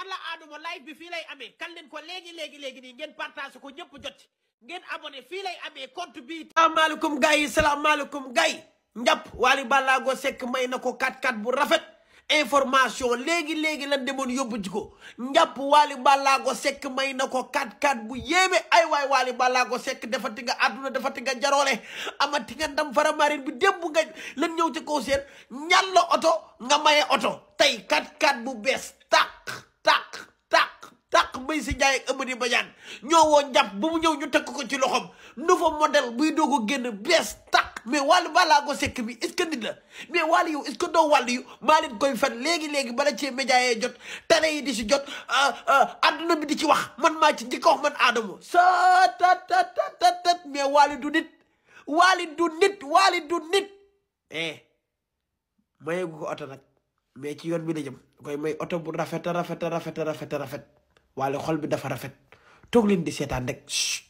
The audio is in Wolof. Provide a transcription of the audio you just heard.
alla aaduma live bi fii lay amee kan leen ko léegi léegi léegi nii ngeen partage ko ñëpp jot ngeen abonné fii lay amee compte bi salaamaaleykum gars yi salaamaaleykum gars yi njàpp Wally Ballago Seck may na ko 4-4 bu rafet information léegi léegi lan demoon yóbbu ji ko njàpp Wally Ballago Seck may na ko 4-4 bu yéeme ay waay Wally Ballago Seck defati nga àdduna defati nga jaroole amati nga ndam faramarin bi démb nga lan ñëw ci kaw seen ñàll oto nga maye oto tey 4-4 bu bees tax dàq si njaay ak Amady Badiane ñoo ba mu ñëw ñu teg ko ci loxoom nouveau modèle buy doog a génn bees tàq mais wàllu balaa ko sekk bi est-ce nit la mais wàllu yu est-ce doo wàllu yu maa koy fen léegi-léegi bala cee média jot tare yi di ci jot adduna ah, ah, bi di ci wax man maa ci njëkk a wax man aadama sa tatatatat mais du nit wàllu du nit wàllu du nit eh, oto nag mais ci yoon bi la jëm koy may oto bu rafet rafet rafet rafet rafet waale xol bi dafa rafet toog leen di seetaan rek